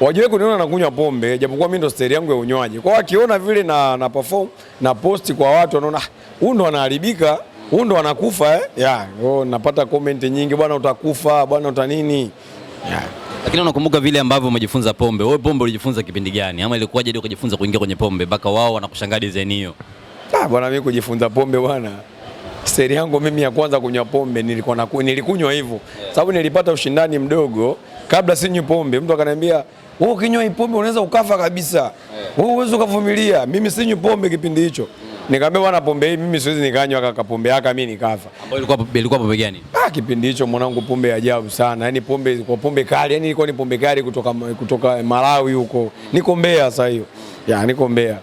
wajue kuniona nakunywa pombe, japokuwa mimi ndo steri yangu ya unywaji. Kwa wakiona vile na, na perform na posti kwa watu wanaona ah, huyu ndo anaharibika huyu ndo anakufa eh? yeah. Oh, napata comment nyingi bwana, utakufa bwana, uta nini yeah. Lakini unakumbuka vile ambavyo umejifunza pombe? Wewe pombe ulijifunza kipindi gani, ama ilikuwaje hadi ukajifunza kuingia kwenye pombe mpaka wao wanakushangaa design hiyo? Ah bwana, mimi kujifunza pombe bwana seri yangu mimi ya kwanza kunywa pombe nilikuwa na nilikunywa hivyo, sababu nilipata ushindani mdogo kabla sinywi pombe. Mtu akaniambia wewe, ukinywa hii pombe unaweza ukafa kabisa, wewe uweze ukavumilia. Mimi sinywi pombe kipindi hicho, nikamwambia bwana, pombe hii mimi siwezi nikanywa kaka, pombe yaka mimi nikafa. Ambayo ilikuwa ilikuwa pombe gani? Ah, kipindi hicho mwanangu, pombe ya ajabu sana, yani pombe kwa pombe kali, yani ilikuwa ni pombe kali kutoka kutoka Malawi huko, niko Mbeya sasa hiyo ya niko Mbeya.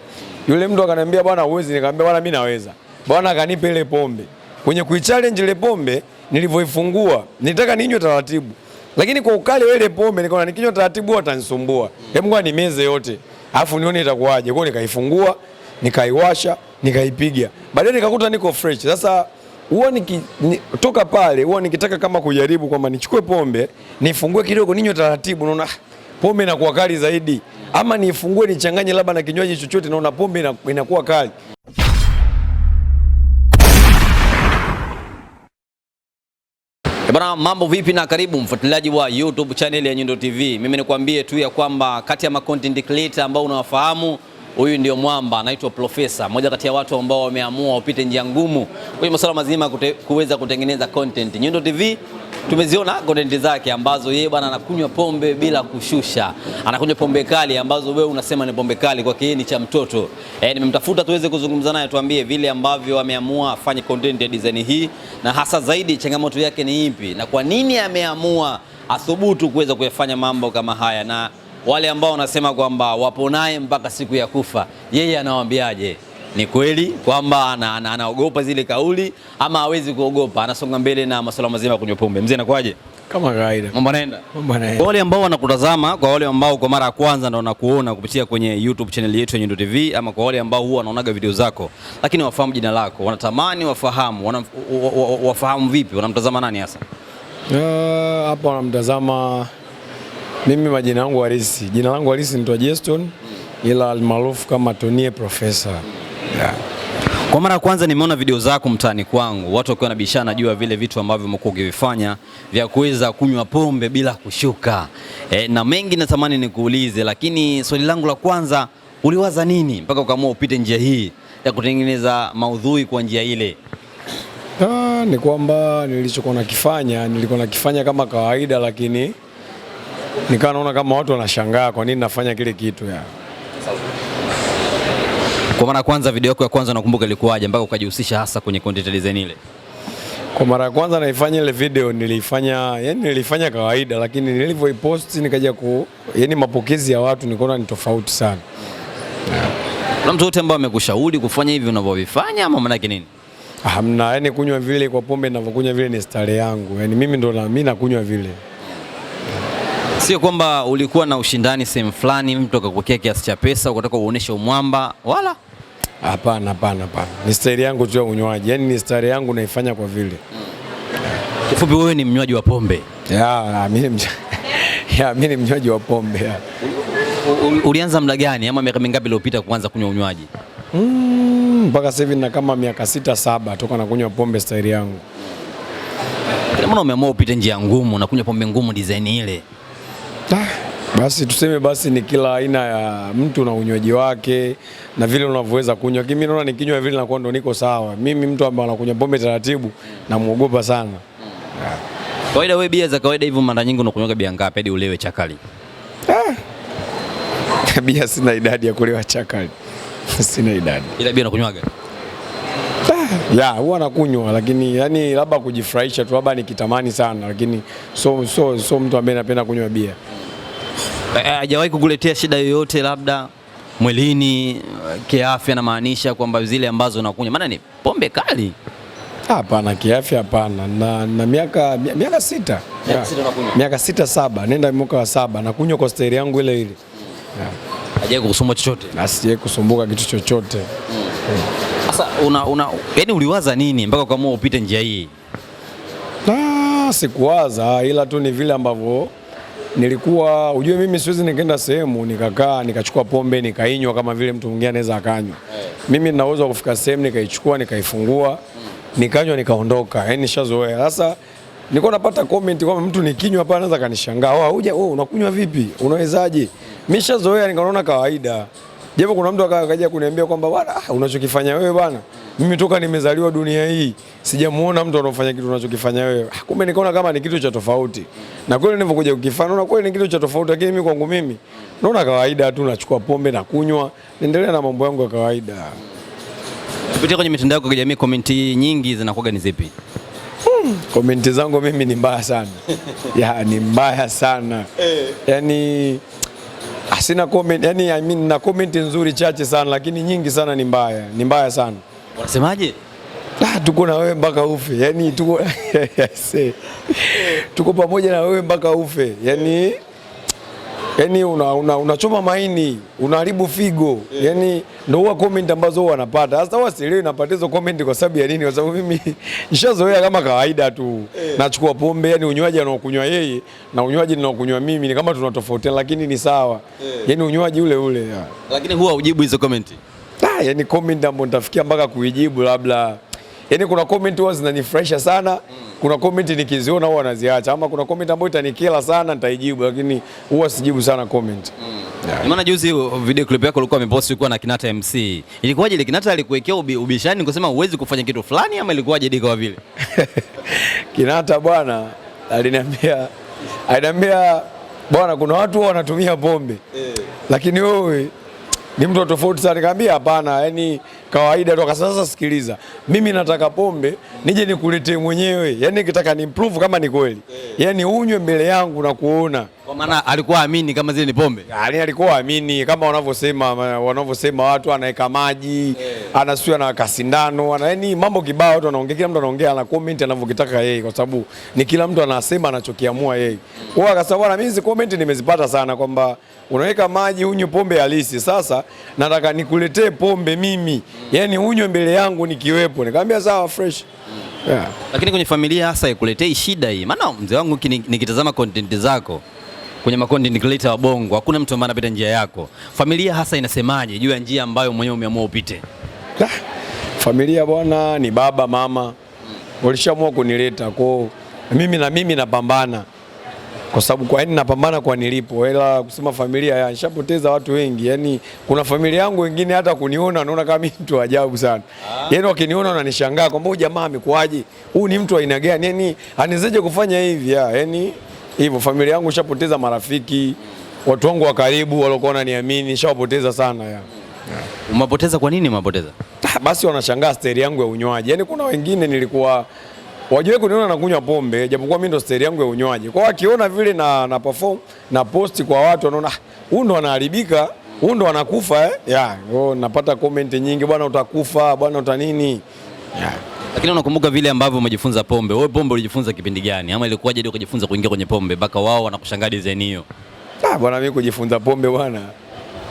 Yule mtu akaniambia bwana, uwezi? Nikamwambia bwana, mimi naweza Bwana kanipe ile pombe. Kwenye kuichallenge ile pombe nilivyoifungua, nilitaka ninywe taratibu. Lakini kwa ukali ile pombe nikaona nikinywa taratibu atanisumbua. Hebu ngoja nimeze yote. Alafu nione itakuwaje. Kwa nikaifungua, nikaiwasha, nikaipiga. Baadaye nikakuta niko fresh. Sasa huwa nikitoka ni, pale huwa nikitaka kama kujaribu kwamba nichukue pombe nifungue kidogo ninywe taratibu, naona ah, pombe inakuwa kali zaidi, ama nifungue nichanganye labda na kinywaji chochote, naona pombe inakuwa kali. Bwana, mambo vipi na karibu mfuatiliaji wa YouTube channel ya Nyundo TV. Mimi nikwambie tu ya kwamba kati ya ma content creator ambao unawafahamu huyu ndio mwamba anaitwa Profesa, mmoja kati ya watu ambao wameamua wapite njia ngumu kwenye masuala mazima kute, kuweza kutengeneza content. Nyundo TV tumeziona kontenti zake ambazo yeye bwana anakunywa pombe bila kushusha, anakunywa pombe kali ambazo wewe unasema ni pombe kali, kwake yeye ni cha mtoto. E, nimemtafuta tuweze kuzungumza naye, tuambie vile ambavyo ameamua afanye content ya design hii, na hasa zaidi changamoto yake ni ipi na kwa nini ameamua athubutu kuweza kuyafanya mambo kama haya, na wale ambao wanasema kwamba wapo naye mpaka siku ya kufa, yeye anawaambiaje? ni kweli kwamba anaogopa zile kauli ama hawezi kuogopa, anasonga mbele na masuala mazima kunywa pombe. Mzee, inakuaje? Kama kawaida, mambo yanaenda. Kwa wale ambao wanakutazama, kwa wale ambao kwa mara ya kwanza ndo wanakuona kupitia kwenye YouTube channel yetu ya Nyundo TV, ama kwa wale ambao huwa wanaonaga video zako lakini wafahamu jina lako, wanatamani wafahamu, wana, wafahamu vipi, wanamtazama nani hasa uh, hapa? Uh, wanamtazama mimi, majina yangu halisi, jina langu halisi ni Jeston, ila almaarufu kama Tonie Professor. Kwa mara ya kwanza nimeona video zako mtaani kwangu, watu wakiwa nabishana, najua vile vitu ambavyo umekuwa ukivifanya vya kuweza kunywa pombe bila kushuka e, na mengi natamani nikuulize, lakini swali langu la kwanza, uliwaza nini mpaka ukaamua upite njia hii ya kutengeneza maudhui kwa njia ile? Ah, ni kwamba nilichokuwa nakifanya nilikuwa nakifanya kama kawaida, lakini nikawa naona kama watu wanashangaa kwa nini nafanya kile kitu ya kwa mara ya kwanza video yako ya kwanza nakumbuka ilikuwaje mpaka ukajihusisha hasa kwenye content design ile? Kwa mara ya kwanza naifanya ile video nilifanya, yani nilifanya kawaida, lakini nilivyoiposti nikaja ku, yani mapokezi ya watu nikaona ni tofauti sana. Na mtu wote ambao amekushauri kufanya hivi unavyovifanya ama maana yake nini? Hamna, yani kunywa vile kwa pombe ninavyokunywa vile ni stare yangu, yani mimi ndo na mimi nakunywa vile Sio kwamba ulikuwa na ushindani sehemu fulani, mtu akakupokea kiasi cha pesa ukataka uoneshe umwamba, wala Hapana, hapana, hapana, ni staili yangu tu ya unywaji, yaani ni staili yangu naifanya kwa vile. Kifupi, wewe ni mnywaji wa pombe? Mimi ni mnywaji wa pombe. Ulianza mda gani ama miaka mingapi iliyopita kuanza kunywa unywaji? Mm, mpaka mm, sasa hivi na kama miaka sita saba toka nakunywa pombe staili yangu. Mbona umeamua upite njia ngumu na kunywa pombe ngumu design ile? Basi tuseme basi ni kila aina ya mtu na unywaji wake na vile unavyoweza kunywa. Mimi naona nikinywa vile nakuwa ndo niko sawa. Mimi mtu ambaye anakunywa pombe taratibu namuogopa sana. Kawaida wewe bia za kawaida hivyo mara nyingi unakunywa bia ngapi hadi ulewe chakali? Ah. Bia sina idadi ya kulewa chakali. Sina idadi. Ila bia unakunywaga? Eh, ya huwa nakunywa lakini yani labda kujifurahisha tu labda nikitamani sana lakini so so so mtu ambaye napenda kunywa bia. Eh, hajawahi kukuletea shida yoyote, labda mwilini, kiafya? Namaanisha kwamba zile ambazo unakunywa, maana ni pombe kali. Hapana, kiafya hapana. Na, na miaka miaka sita miaka sita, saba, nenda mwaka wa saba nakunywa kwa stairi yangu ile ile. Hajawahi kukusumbua chochote, asije kusumbuka kitu chochote. Hmm. Sasa una, una yani uliwaza nini mpaka ukaamua upite njia hii? Ah, sikuwaza, ila tu ni vile ambavyo nilikuwa ujue, mimi siwezi nikaenda sehemu nikakaa nikachukua pombe nikainywa kama vile mtu mwingine anaweza akanywa. Mimi nina uwezo wa kufika sehemu nikaichukua nikaifungua nikanywa nikaondoka, yani nishazoea. Sasa nilikuwa napata comment kwamba mtu nikinywa hapa anaweza kanishangaa, oh, uja wewe unakunywa vipi, unawezaje? Mimi nishazoea nikaona kawaida, japo kuna mtu akaja kuniambia kwamba bwana, ah, unachokifanya wewe bwana mimi toka nimezaliwa dunia hii sijamuona mtu anaofanya kitu unachokifanya wewe. Ah, kumbe nikaona kama ni kitu cha tofauti. Na kweli nilipokuja kukifanya naona kweli ni kitu cha tofauti, lakini mimi kwangu mimi naona kawaida tu, nachukua pombe na kunywa, niendelea na mambo yangu ya kawaida. Kupitia kwenye mitandao ya kijamii komenti nyingi zinakuwa ni zipi? Hmm, komenti zangu mimi ni mbaya sana. Ya, ni mbaya sana. Eh. yani asina ah, comment, yani I mean na comment nzuri chache sana, lakini nyingi sana ni mbaya, ni mbaya sana. Unasemaje? Ah, tuko na wewe mpaka ufe. Yaani tuko tuko pamoja na wewe mpaka ufe. Yaani yaani unachoma una, una maini, unaharibu figo. Yaani ndio huwa comment ambazo huwa wanapata. Hasa huwa sielewi napata hizo comment kwa sababu ya nini? Kwa sababu mimi nishazoea kama kawaida tu. Eh. Nachukua pombe, yaani unywaji anaokunywa yeye na unywaji ninaokunywa mimi ni kama tunatofautiana, lakini ni sawa. Eh. Yaani unywaji ule ule. Ya. Lakini huwa hujibu hizo comment yani comment ambayo nitafikia mpaka kuijibu labda yani kuna comment huwa zinanifresha sana, kuna comment nikiziona huwa naziacha, ama kuna comment ambayo itanikila sana nitaijibu, lakini huwa sijibu sana comment. Mm. Yeah. Maana juzi video clip yako ulikuwa umepost ulikuwa na Kinata MC. Ilikuwaje ile Kinata alikuwekea ubishani kusema uwezi kufanya kitu fulani ama ilikuwaje dika kwa vile? Kinata bwana aliniambia aliniambia bwana kuna watu wanatumia pombe. yeah. Lakini wewe ni mtu tofauti sana. Nikamwambia hapana, yani kawaida tu. Sasa sikiliza, mimi nataka pombe nije nikuletee mwenyewe, yani nikitaka ni improve kama ni kweli, yani unywe mbele yangu na kuona. Kwa maana alikuwa amini kama zile ni pombe, yani alikuwa amini kama wanavyosema wanavyosema watu, eh. anaweka maji anasiwa na kasindano ana, yani mambo kibao, watu wanaongea, kila mtu anaongea na comment anavyokitaka yeye, kwa sababu ni kila mtu anasema anachokiamua yeye. Kwa sababu na mimi hizo comment nimezipata sana kwamba unaweka maji unywe pombe halisi. Sasa nataka nikuletee pombe mimi, yani unywe mbele yangu nikiwepo. Nikamwambia sawa, fresh yeah. Lakini kwenye familia hasa ikuletei shida hii, maana mzee wangu nikitazama content zako kwenye makontent creator wa Bongo hakuna mtu ambaye anapita njia yako. Familia hasa inasemaje juu ya njia ambayo mwenyewe umeamua upite? familia bwana, ni baba mama, walishaamua kunileta kwao, mimi na mimi napambana kwa sababu kwa nini napambana kwa nilipo, hela kusema familia ya nishapoteza watu wengi. Yani kuna familia yangu wengine hata kuniona naona kama mtu ajabu sana ah. Yani wakiniona wananishangaa kwamba huyu jamaa amekuaje, huyu ni mtu aina gani, yani anawezaje kufanya hivi ya yani hivyo. Familia yangu nishapoteza marafiki, watu wangu wa karibu waliokuwa wananiamini nishawapoteza sana ya. Ya. Umapoteza kwa nini umapoteza? Ah, basi wanashangaa staili yangu ya unywaji, yani kuna wengine nilikuwa wajue kuniona nakunywa pombe, japokuwa mimi ndo staili yangu ya unywaji. Kwa wakiona vile na, na perform na post kwa watu wanaona huyu ndo anaharibika, huyu ndo anakufa eh? Yeah, oh, napata comment nyingi bwana, utakufa bwana, uta nini yeah. Lakini unakumbuka vile ambavyo umejifunza pombe? Wewe pombe ulijifunza kipindi gani, ama ilikuwaje ukajifunza kuingia kwenye pombe mpaka wao wanakushangaa design hiyo? Ah bwana, mimi kujifunza pombe bwana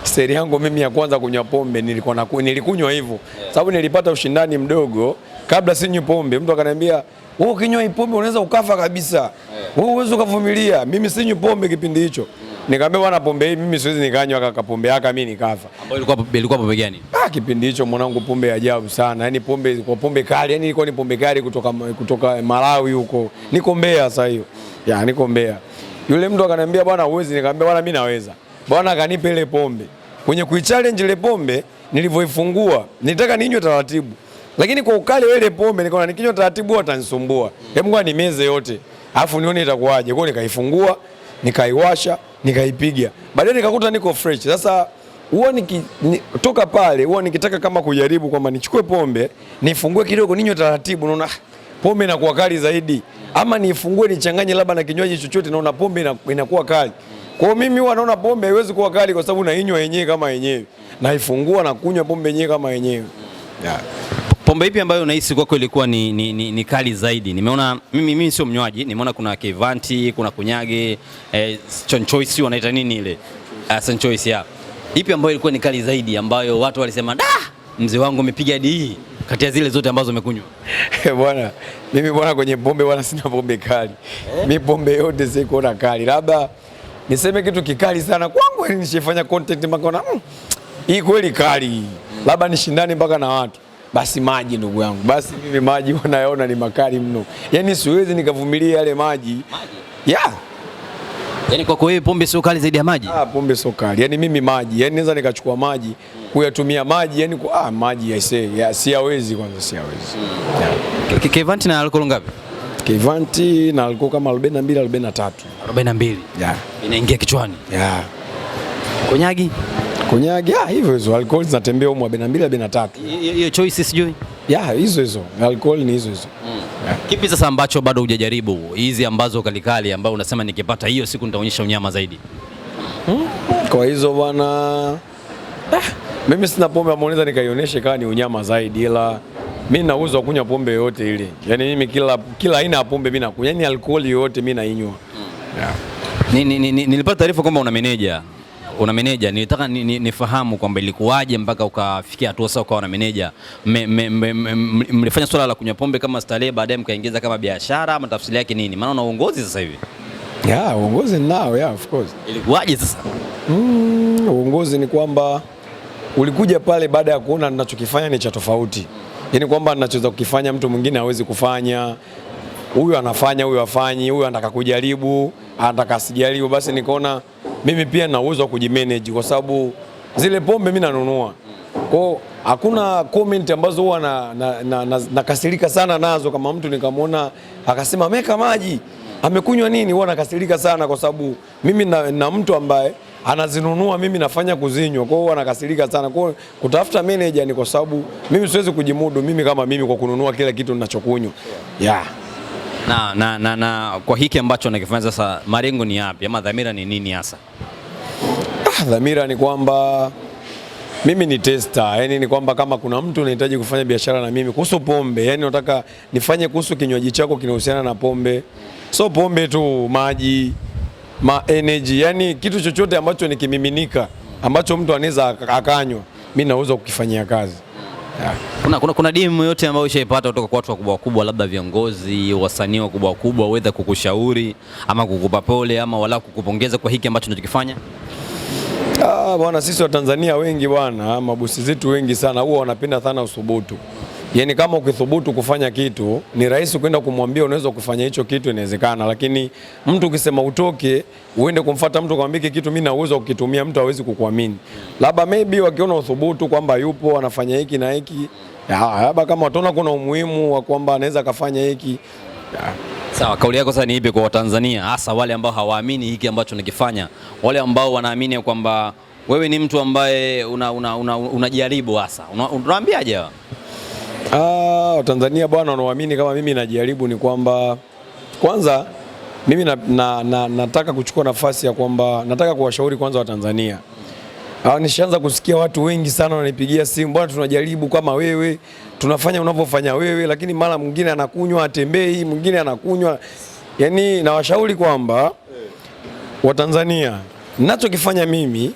seri yangu mimi ya kwanza kunywa pombe nilikuwa na nilikunywa hivyo yeah. Sababu nilipata ushindani mdogo, kabla sinywi pombe, mtu akaniambia wewe ukinywa hii pombe unaweza ukafa kabisa, wewe yeah. uweze ukavumilia. Mimi sinywi pombe kipindi hicho mm. Nikamwambia bwana, pombe hii mimi siwezi nikanywa kaka, pombe yaka mimi nikafa. Ambayo ilikuwa ilikuwa pombe gani? Ah, kipindi hicho mwanangu, pombe ya ajabu sana, yaani pombe kwa pombe kali, yaani ilikuwa ni pombe kali kutoka kutoka Malawi huko, niko Mbeya sasa hiyo ya niko Mbeya. Yule mtu akaniambia bwana, uwezi? Nikamwambia bwana, mimi naweza Bwana kanipe ile pombe. Kwenye kuichallenge ile pombe nilivyoifungua, nilitaka ninywe taratibu. Lakini kwa ukali ile pombe nikaona nikinywa taratibu atanisumbua. Hebu ngoja nimeze yote. Alafu nione itakuwaje. Kwa nikaifungua, nikaiwasha, nikaipiga. Baadaye nikakuta niko fresh. Sasa huwa nikitoka pale huwa nikitaka kama kujaribu kwamba nichukue pombe nifungue kidogo ninywe taratibu, naona ah, pombe inakuwa kali zaidi, ama nifungue nichanganye labda na kinywaji chochote, naona pombe inakuwa kali. Kwa mimi huwa naona pombe haiwezi kuwa kali kwa sababu nainywa yenyewe kama yenyewe. Naifungua na kunywa pombe yenyewe kama yenyewe. Yeah. Pombe ipi ambayo unahisi kwako ilikuwa ni, ni, ni, ni kali zaidi? Nimeona mimi, mimi sio mnywaji, nimeona kuna Kevanti, kuna Kunyage, eh, Sanchoisi wanaita nini ile? Uh, ah, Sanchoisi ya. Ipi ambayo ilikuwa ni kali zaidi ambayo watu walisema da, mzee wangu umepiga di kati ya zile zote ambazo umekunywa? Bwana, mimi bwana kwenye pombe bwana sina pombe kali. Eh? Mimi pombe yote sikuona kali. Labda niseme kitu kikali sana kwangu, nishifanya content mpaka na mm, hii kweli kali, labda nishindane mpaka na watu basi maji ndugu yangu, basi mimi maji unayaona ni makali mno, yaani siwezi nikavumilia yale maji, maji. Yeah. Yaani kwako wewe pombe sio kali zaidi ya maji? Ah, pombe sio kali. Yaani mimi maji, yaani naweza nikachukua maji kuyatumia maji, yaani ah, maji yeah, siyawezi kwanza, siyawezi. Yeah. Kevanti na alcohol ngapi? Kivanti na alikuwa kama 42 43. 42. Yeah. Inaingia kichwani. Yeah. Konyagi? Konyagi, ah hivyo hizo alcohol zinatembea huko 42 43. Hiyo choice sijui. Yeah, hizo hizo. Alcohol ni hizo hizo. Mm. Yeah. Kipi sasa ambacho bado hujajaribu? Hizi ambazo kalikali ambao unasema nikipata hiyo siku nitaonyesha unyama zaidi. Hmm? Kwa hizo bwana. Ah, mimi sina pombe ambayo naweza nikaionyesha kama ni unyama zaidi ila mi na uwezo wa kunywa pombe yoyote ile, yaani mimi kila kila aina ya pombe mimi nakunywa, yaani alkoholi yoyote mimi nainywa. Ni, ni, ni, nilipata taarifa kwamba una meneja una meneja, nilitaka nifahamu kwamba ilikuwaje mpaka ukafikia hatua sasa ukawa na meneja. Mlifanya swala la kunywa pombe kama starehe, baadaye mkaingiza kama biashara, ama tafsiri yake nini? Maana una uongozi sasa hivi. Yeah, uongozi nao, yeah, of course. Ilikuwaje sasa? Mm, uongozi ni kwamba ulikuja pale baada ya kuona ninachokifanya ni cha tofauti yaani kwamba nachoweza kukifanya mtu mwingine hawezi kufanya, huyu anafanya, huyu afanyi, huyu anataka kujaribu, anataka asijaribu. Basi nikaona mimi pia na uwezo wa kujimanage, kwa sababu zile pombe mimi nanunua kwa hakuna comment ambazo huwa nakasirika na, na, na, na sana nazo. Kama mtu nikamwona akasema ameweka maji, amekunywa nini, huwa nakasirika sana, kwa sababu mimi na, na mtu ambaye anazinunua, mimi nafanya kuzinywa. Kwa hiyo anakasirika sana. Kwa hiyo kutafuta manager ni kwa sababu mimi siwezi kujimudu mimi kama mimi kwa kununua kila kitu ninachokunywa. Yeah. Na, na, na, na kwa hiki ambacho nakifanya sasa, malengo ni yapi ama dhamira ni nini hasa? Ah, dhamira ni kwamba mimi ni tester, yani ni kwamba kama kuna mtu anahitaji kufanya biashara na mimi kuhusu pombe, yani nataka nifanye kuhusu kinywaji chako kinahusiana na pombe, so pombe tu, maji ma energy, yani kitu chochote ambacho ni kimiminika ambacho mtu anaweza akanywa, mimi naweza kukifanyia kazi. Yeah. Kuna, kuna, kuna dimu yote ambayo ushaipata kutoka kwa watu wakubwa wakubwa, labda viongozi, wasanii wakubwa wakubwa, wedha kukushauri ama kukupa pole ama wala kukupongeza kwa hiki ambacho unachokifanya? Ah, bwana sisi Watanzania wengi bwana, mabosi zetu wengi sana huwa wanapenda sana usubutu. Yaani kama ukithubutu kufanya kitu ni rahisi kwenda kumwambia unaweza kufanya hicho kitu, inawezekana. Lakini mtu ukisema utoke uende kumfuata mtu kumwambia hiki kitu mimi na uwezo kukitumia, mtu hawezi kukuamini. Labda maybe wakiona uthubutu kwamba yupo anafanya hiki na hiki, labda kama wataona kuna umuhimu wa kwamba anaweza kafanya hiki. Sawa, kauli yako sasa ni ipi kwa Watanzania, hasa wale ambao hawaamini hiki ambacho nikifanya, wale ambao wanaamini kwamba wewe ni mtu ambaye unajaribu una, una, una hasa unawaambiaje? una Ah, Watanzania bwana wanaoamini kama mimi najaribu ni kwamba kwanza mimi na, na, na, nataka kuchukua nafasi ya kwamba nataka kuwashauri kwanza Watanzania. Ah, nishaanza kusikia watu wengi sana wananipigia simu, bwana, tunajaribu kama wewe, tunafanya unavyofanya wewe, lakini mara mwingine anakunywa atembei, mwingine anakunywa. Yaani nawashauri kwamba Watanzania, nachokifanya mimi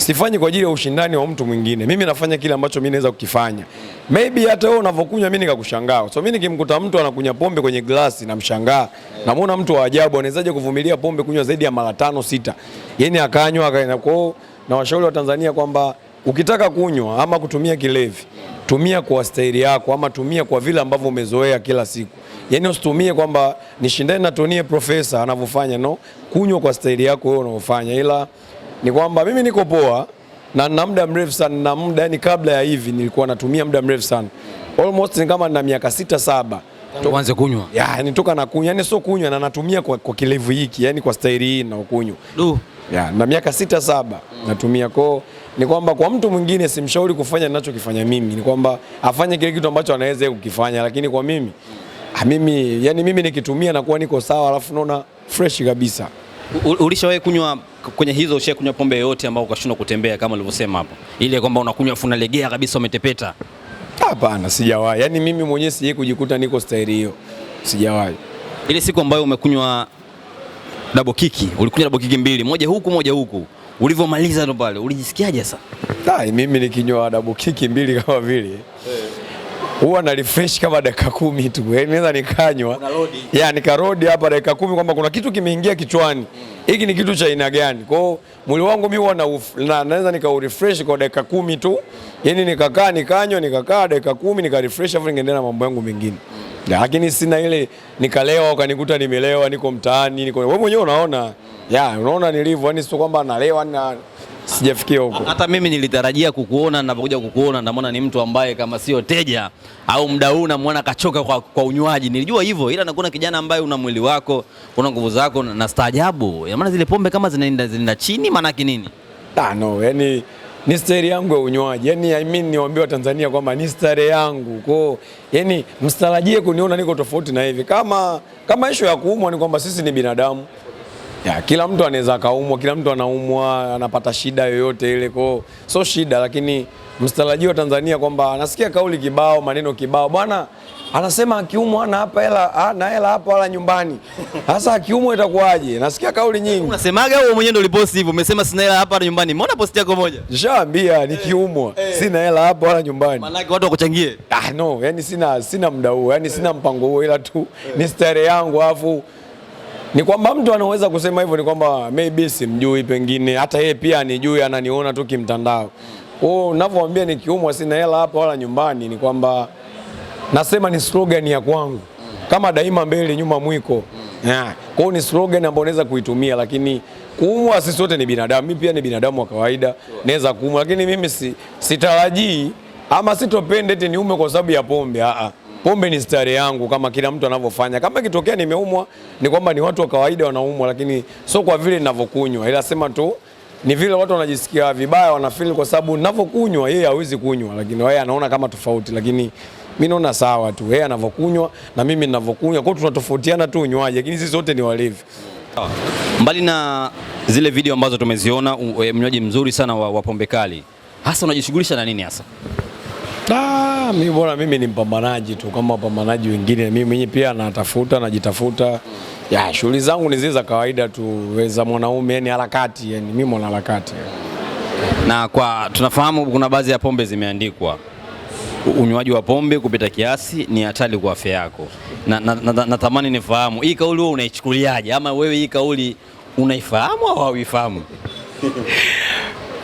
sifanyi kwa ajili ya ushindani wa mtu mwingine. Mimi nafanya kile ambacho mimi naweza kukifanya. Maybe hata wewe unavokunywa mimi nikakushangaa. So mimi nikimkuta mtu anakunywa pombe kwenye glasi namshangaa. Namuona mtu wa ajabu anawezaje kuvumilia pombe kunywa zaidi ya mara tano sita. Yaani akanywa akaenda kwao na washauri wa Tanzania kwamba ukitaka kunywa ama kutumia kilevi, tumia kwa staili yako ama tumia kwa vile ambavyo umezoea kila siku. Yaani usitumie kwamba nishindane na Tonie Profesa anavyofanya no, kunywa kwa staili yako wewe unaofanya ila ni kwamba mimi niko poa na na muda mrefu sana na muda yani, kabla ya hivi nilikuwa natumia muda mrefu sana, almost ni kama na miaka sita saba uanze kunywa ya, yani toka na kunywa yani, sio kunywa na natumia kwa, kwa kilevu hiki yani kwa staili hii na kunywa du ya, na miaka sita saba natumia koo. Ni kwamba kwa mtu mwingine simshauri kufanya ninachokifanya mimi, ni kwamba afanye kile kitu ambacho anaweza kukifanya, lakini kwa mimi ah, mimi yani mimi nikitumia nakuwa niko sawa, alafu naona fresh kabisa. Ulishawahi kunywa kwenye hizo, ushawahi kunywa pombe yoyote ambayo ukashindwa kutembea kama ulivyosema hapo, ile kwamba unakunywa funalegea kabisa umetepeta? Hapana, sijawahi. Yaani mimi mwenyewe sijawahi kujikuta niko staili hiyo, sijawahi. Ile siku ambayo umekunywa double kick, ulikunywa double kick mbili, moja huku moja huku, ulivyomaliza ndo pale ulijisikiaje sasa? Mimi nikinywa double kick mbili kama vile hey. Eh huwa na refresh kama dakika kumi tu, yaani eh, naweza nikanywa ya nikarodi hapa dakika kumi kwamba kuna kitu kimeingia kichwani hiki mm. ni kitu cha aina gani? Kwa hiyo mwili wangu mimi huwa na naweza nikau refresh kwa dakika kumi tu, yaani nikakaa nikanywa nikakaa dakika kumi nikarefresh, afu ningeendelea na mambo yangu mengine lakini sina ile nikalewa ukanikuta nimelewa, niko mtaani, niko wewe mwenyewe unaona ya unaona nilivyo, yani sio kwamba nalewa na sijafikia huko. Hata mimi nilitarajia kukuona, ninapokuja kukuona namwona ni mtu ambaye kama sio teja au mdau, namwona kachoka kwa, kwa unywaji. Nilijua hivyo, ila nakuona kijana ambaye una mwili wako, una nguvu zako na staajabu. Maana zile pombe kama zinaenda zinaenda chini, maana yake nini? Ah, no, yani ni stari yangu ya unywaji yani, I mean niwaambie Watanzania kwamba ni stare yangu kwao, yani msitarajie kuniona niko tofauti na hivi. Kama kama ishu ya kuumwa ni kwamba sisi ni binadamu ya, kila mtu anaweza akaumwa, kila mtu anaumwa, anapata shida yoyote ile, kwao so shida, lakini mstalaji wa Tanzania kwamba anasikia kauli kibao, maneno kibao, bwana anasema akiumwa ana hapa hela ana hela hapa wala nyumbani. Sasa akiumwa itakuwaje? Nasikia kauli nyingi. Unasemaga wewe mwenyewe ndio uliposti hivyo, umesema sina hela hapa wala nyumbani. Mbona posti yako moja? Nishaambia eh, nikiumwa hey, eh. hey, sina hela hapa wala nyumbani. Maana watu wakuchangie. Ah no, yani sina sina muda huo, yani sina mpango huo ila tu hey, ni stare yangu afu ni kwamba mtu anaweza kusema hivyo, ni kwamba maybe simjui, pengine hata yeye pia anijui, ananiona tu kimtandao. Kwa Oh, unavyoambia nikiumwa sina hela hapa wala nyumbani, ni kwamba nasema ni slogan ya kwangu kama daima mbele nyuma mwiko yeah. Kwa hiyo ni slogan ambayo naweza kuitumia, lakini kuumwa, sisi wote ni binadamu, mimi pia ni binadamu wa kawaida, naweza kuumwa, lakini mimi si, sitarajii ama sitopende eti niume kwa sababu ya pombe. Ah, ah pombe ni stari yangu kama kila mtu anavyofanya. Kama ikitokea nimeumwa, ni kwamba ni watu wa kawaida wanaumwa, lakini sio kwa vile ninavyokunywa, ila sema tu ni vile watu wanajisikia vibaya, wanafeel kwa sababu ninavyokunywa, yeye hawezi kunywa, lakini wewe anaona kama tofauti, lakini mimi naona sawa tu, yeye anavyokunywa na mimi ninavyokunywa, kwa hiyo tunatofautiana tu unywaji, lakini sisi wote ni walevi. Mbali na zile video ambazo tumeziona, e, mnywaji mzuri sana wa, wa pombe kali, hasa unajishughulisha na nini hasa? Ah, mi mimi bora mimi ni mpambanaji tu kama wapambanaji wengine, mimi mwenyewe pia natafuta, najitafuta. Ya shughuli zangu ni zile za kawaida tu za mwanaume, yani harakati, yani mimi mwana harakati. Na kwa tunafahamu kuna baadhi ya pombe zimeandikwa unywaji wa pombe kupita kiasi ni hatari kwa afya yako. Natamani na, na, na nifahamu hii kauli wewe unaichukuliaje, ama wewe hii kauli unaifahamu au hauifahamu?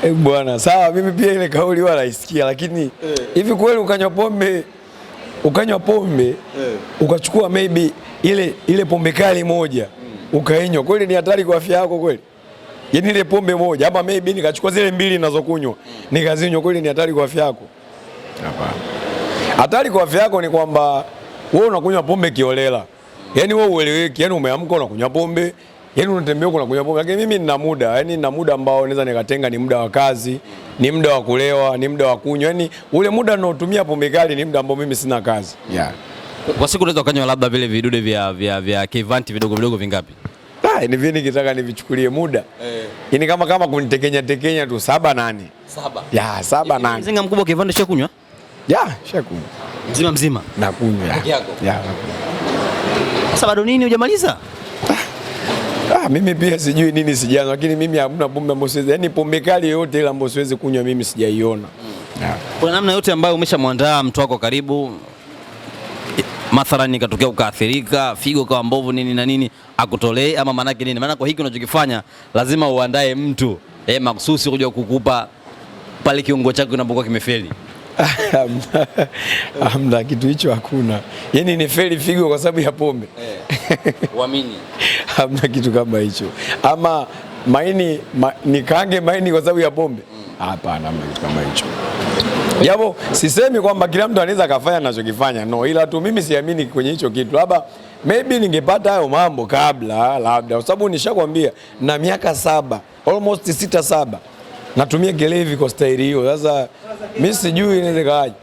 Eh, bwana sawa, mimi pia ile kauli wala isikia, lakini eh. hivi eh, kweli ukanywa pombe ukanywa pombe eh, ukachukua maybe ile ile pombe kali moja mm, ukainywa kweli, ni hatari kwa afya yako kweli? Yaani ile pombe moja ama maybe nikachukua zile mbili ninazokunywa mm, nikazinywa kweli, ni hatari kwa afya yako? Hapana. Hatari kwa afya yako ni kwamba wewe unakunywa pombe kiolela, yaani wewe ueleweki, yaani umeamka unakunywa pombe Yaani unatembea huko na kunywa pombe. Lakini mimi nina muda, yaani nina muda ambao naweza nikatenga ni muda wa kazi, ni muda wa kulewa, ni muda wa kunywa. Yaani ule muda ninaotumia pombe kali ni muda ambao mimi sina kazi. Yeah. Kwa siku unaweza kunywa labda vile vidude vya vya vya Kevanti vidogo vidogo vingapi? Ah, ni vile nikitaka nivichukulie muda. Eh. Yaani kama kama kunitekenya tekenya tu saba nane. Saba. Ya, saba yaani nane. Mzinga mkubwa Kevanti kunywa? Ya, kunywa. Mzima mzima. Nakunywa. Sasa bado nini hujamaliza? Ah, mimi pia sijui nini sijana, lakini mimi hamna pombe ambayo siwezi, yaani pombe kali yoyote ile ambayo siwezi kunywa mimi sijaiona. Yeah. Kuna namna yote ambayo umeshamwandaa mtu wako karibu mathalani ikatokea ukaathirika, figo kawa mbovu nini na nini, akutolee ama maanake nini? Maana kwa hiki unachokifanya lazima uandae mtu eh, maksusi kuja kukupa pale kiungo chako kinapokuwa kimefeli. Hamna kitu hicho, hakuna. Yaani ni feli figo kwa sababu ya pombe eh, Uamini hamna kitu kama hicho, ama maini ma, nikaange maini kwa sababu ya pombe mm. hapana, mm. hamna kitu kama hicho japo sisemi kwamba kila mtu anaweza akafanya anachokifanya, no, ila tu mimi siamini kwenye hicho kitu. Labda maybe ningepata hayo mambo kabla, labda kwa sababu nishakwambia na miaka saba almost sita saba natumia kilevi kwa staili hiyo. Sasa mimi sijui inawezekaaje.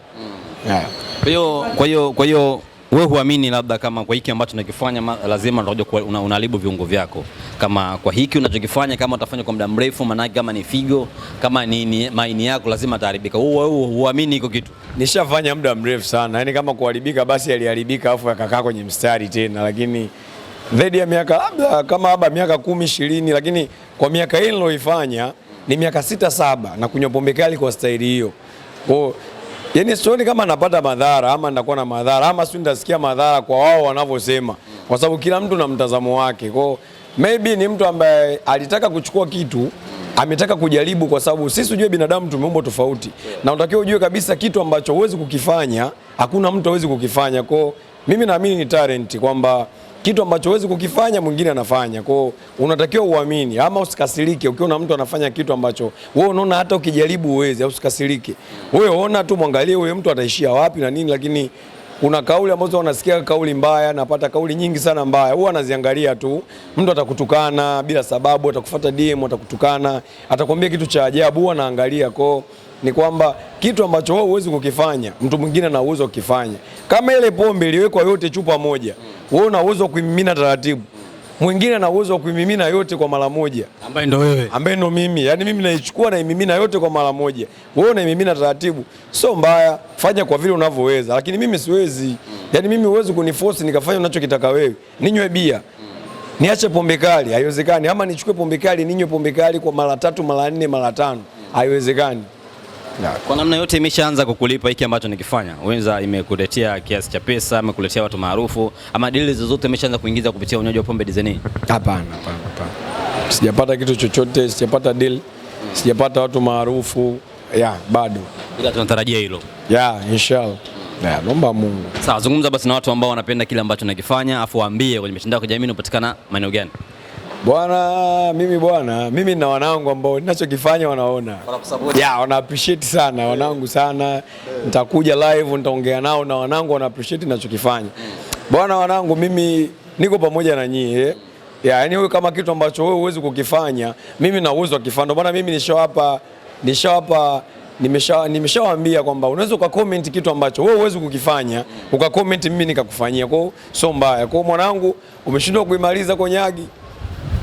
Mm. Kwa hiyo kwa hiyo kwa hiyo wewe huamini labda kama kwa hiki ambacho tunakifanya lazima utakuja una, unaharibu viungo vyako, kama kwa hiki unachokifanya kama utafanya kwa muda mrefu, maanake kama ni figo kama ni, ni maini yako lazima ataharibika. Wewe huamini hiko kitu? Nishafanya muda mrefu sana, yaani kama kuharibika basi yaliharibika afu yakakaa kwenye mstari tena, lakini zaidi ya miaka labda kama haba miaka kumi ishirini, lakini kwa miaka hii niloifanya ni miaka sita saba na kunywa pombe kali kwa staili hiyo. Kwa yani sioni kama napata madhara ama nitakuwa na madhara ama si nitasikia madhara kwa wao wanavyosema, kwa sababu kila mtu na mtazamo wake. Kwa maybe ni mtu ambaye alitaka kuchukua kitu ametaka kujaribu, kwa sababu sisi ujue binadamu tumeumbwa tofauti, na unatakiwa ujue kabisa kitu ambacho huwezi kukifanya hakuna mtu hawezi kukifanya. Kwa mimi naamini ni talent kwamba kitu ambacho huwezi kukifanya mwingine anafanya. Kwa hiyo unatakiwa uamini, ama usikasirike ukiona mtu anafanya kitu ambacho wewe unaona hata ukijaribu uwezi au usikasirike wewe, ona tu, mwangalie huyo mtu ataishia wapi na nini. Lakini kuna kauli ambazo unasikia kauli mbaya, napata kauli nyingi sana mbaya, huwa anaziangalia tu. Mtu atakutukana bila sababu, atakufuata DM, atakutukana, atakwambia kitu cha ajabu, huwa anaangalia kwao ni kwamba kitu ambacho wewe huwezi kukifanya, mtu mwingine ana uwezo kukifanya. Kama ile pombe iliwekwa yote chupa moja, wewe una uwezo kuimimina taratibu, mwingine ana uwezo kuimimina yote kwa mara moja, ambaye ndo wewe, ambaye ndo mimi. Yani mimi naichukua na imimina yote kwa mara moja, wewe unaimimina taratibu. Sio mbaya, fanya kwa vile unavyoweza, lakini mimi siwezi. Yani mimi huwezi kuniforce nikafanya unachokitaka wewe. Ninywe bia niache pombe kali, haiwezekani. Ama nichukue pombe kali ninywe pombe kali kwa mara tatu, mara nne, mara tano, haiwezekani yeah. Kwa namna yote imeshaanza kukulipa hiki ambacho nikifanya, wenza imekuletea kiasi cha pesa, imekuletea watu maarufu, ama dili zozote imeshaanza kuingiza kupitia unywaji wa pombe dizeni? Hapana, hapana, hapana, sijapata kitu chochote, sijapata dili, sijapata watu maarufu ya yeah, bado, ila tunatarajia hilo yeah, inshallah. Naomba Mungu. Sawa, zungumza basi na watu ambao wanapenda kile ambacho nakifanya, afu waambie kwenye mitandao ya kijamii unapatikana maeneo gani? Bwana, mimi bwana, mimi na wanangu ambao ninachokifanya wanaona Yeah, wana appreciate sana Wanangu sana yeah. Nitakuja live nitaongea nao na wanangu wana appreciate ninachokifanya Mm. Bwana wanangu, mimi niko pamoja na nyie Yeah, yani huyu kama kitu ambacho wewe huwezi kukifanya mimi na uwezo kukifanya, ndio maana mimi nishawapa nishawapa nimeshawaambia kwamba unaweza comment kitu ambacho wewe huwezi kukifanya, uka comment mimi nikakufanyia. Kwa hiyo sio mbaya. Kwa hiyo mwanangu, umeshindwa kuimaliza konyagi. agi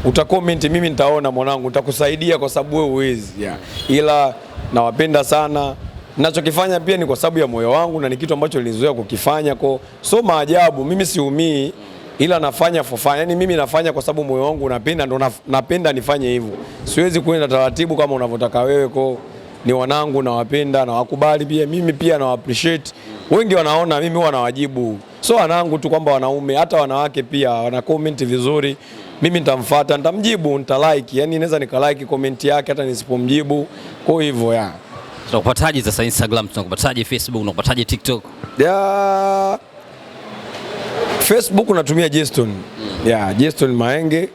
utakomenti, mimi nitaona mwanangu, nitakusaidia kwa sababu wewe uwezi yeah. Ila nawapenda sana nachokifanya pia ni kwa sababu ya moyo wangu na ni kitu ambacho nilizoea kukifanya, kwa so maajabu, mimi siumii, ila nafanya for fun. Yani mimi nafanya kwa sababu moyo wangu unapenda, ndo napenda nifanye hivyo. Siwezi kwenda taratibu kama unavyotaka wewe, kwa ni wanangu, nawapenda na wakubali pia, mimi pia na appreciate. Wengi wanaona mimi huwa nawajibu, so wanangu tu kwamba wanaume, hata wanawake pia wana comment vizuri mimi nitamfuata, nitamjibu, nitalike, yani inaweza nikalike comment yake hata nisipomjibu. Kwa hivyo ya tunakupataje sasa Instagram, tunakupataje Facebook, tunakupataje TikTok? Ya Facebook natumia Jeston. Mm. Ya Jeston Maenge.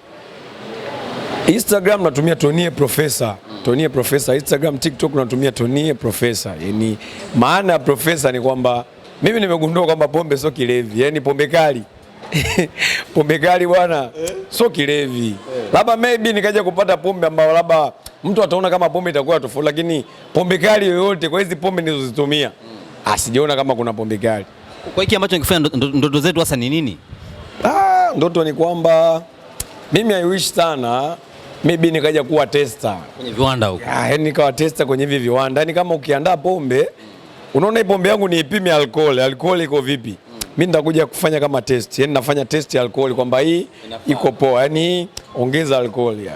Instagram natumia Tonie Profesa. Tonie Professor. Instagram, TikTok natumia Tonie Professor. Yani maana ya professor ni kwamba mimi nimegundua kwamba pombe sio kilevi, yani pombe kali pombe gari bwana eh? Sio kilevi eh. Labda maybe nikaja kupata pombe ambayo labda mtu ataona kama pombe itakuwa tofauti, lakini pombe gari yoyote kwa hizi pombe nilizozitumia mm. asijaona ah, kama kuna pombe gari. Kwa hiki ambacho nikifanya ndoto zetu hasa ni nini? Ah, ndoto ni kwamba mimi I wish sana maybe nikaja kuwa tester kwenye viwanda huko. Ah, yani nikawa tester kwenye hivi viwanda. Yani kama ukiandaa pombe unaona hii pombe yangu ipime alcohol, alcohol iko vipi? mimi nitakuja kufanya kama test, yani nafanya test ya alkoholi kwamba hii iko poa, yani ongeza alkoholi.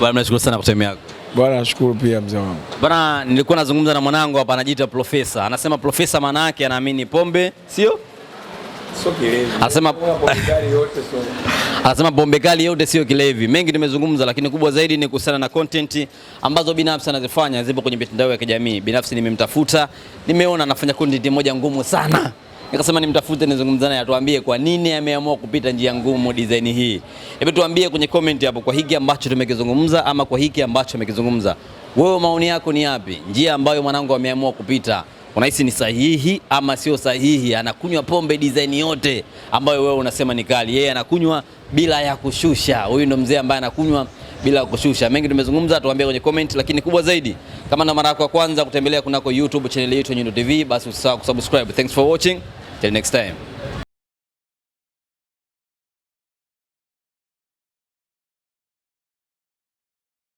Bwana, nashukuru sana kwa time yako. Bwana, nashukuru pia mzee wangu. Bwana, nilikuwa nazungumza na mwanangu hapa, anajiita profesa, anasema profesa maana yake anaamini pombe sio anasema so... pombe kali yote sio kilevi. Mengi tumezungumza, lakini kubwa zaidi ni kuhusiana na content ambazo binafsi anazifanya zipo kwenye mitandao ya kijamii. Binafsi nimemtafuta, nimeona anafanya content moja ngumu sana nikasema nimtafute nizungumzane naye atuambie kwa nini ameamua kupita njia ngumu design hii. Hebu tuambie kwenye comment hapo kwa hiki ambacho tumekizungumza ama kwa hiki ambacho amekizungumza. Wewe maoni yako ni yapi? Njia ambayo mwanangu ameamua kupita unahisi ni sahihi ama sio sahihi? Anakunywa pombe design yote ambayo wewe unasema ni kali, yeye anakunywa bila ya kushusha. Huyu ndo mzee ambaye anakunywa bila kushusha. Mengi tumezungumza, tuambie kwenye comment, lakini kubwa zaidi, kama na mara yako ya kwanza kutembelea kunako YouTube channel yetu Nyundo TV, basi usisahau kusubscribe. Thanks for watching. Till next time.